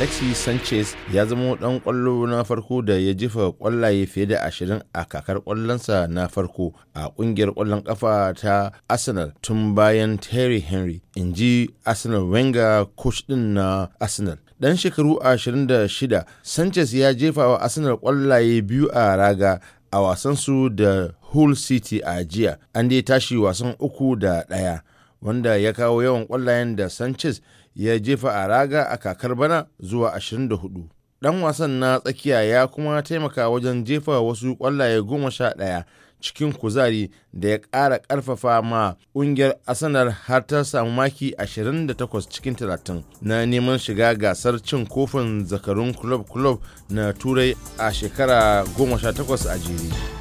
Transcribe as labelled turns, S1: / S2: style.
S1: Alexi sanchez ya zama dan kwallo na farko da ya jefa kwallaye fiye da ashirin a kakar kwallonsa na farko a kungiyar kwallon kafa ta arsenal tun bayan terry henry in ji arsenal wenger coach din na arsenal dan shekaru 26 sanchez ya jefa wa arsenal kwallaye biyu a raga a wasansu da hull city a jiya an dai tashi wasan uku da ɗaya wanda ya kawo yawan kwallayen da Sanchez ya jefa a raga a kakar bana zuwa 24. Ɗan wasan na tsakiya ya kuma taimaka wajen jefa wasu kwallaye goma sha ɗaya cikin kuzari da ya ƙara ƙarfafa ma ƙungiyar asanar har ta samu maki 28 cikin 30 na neman shiga gasar cin kofin zakarun club club na turai a shekara 18 a jere.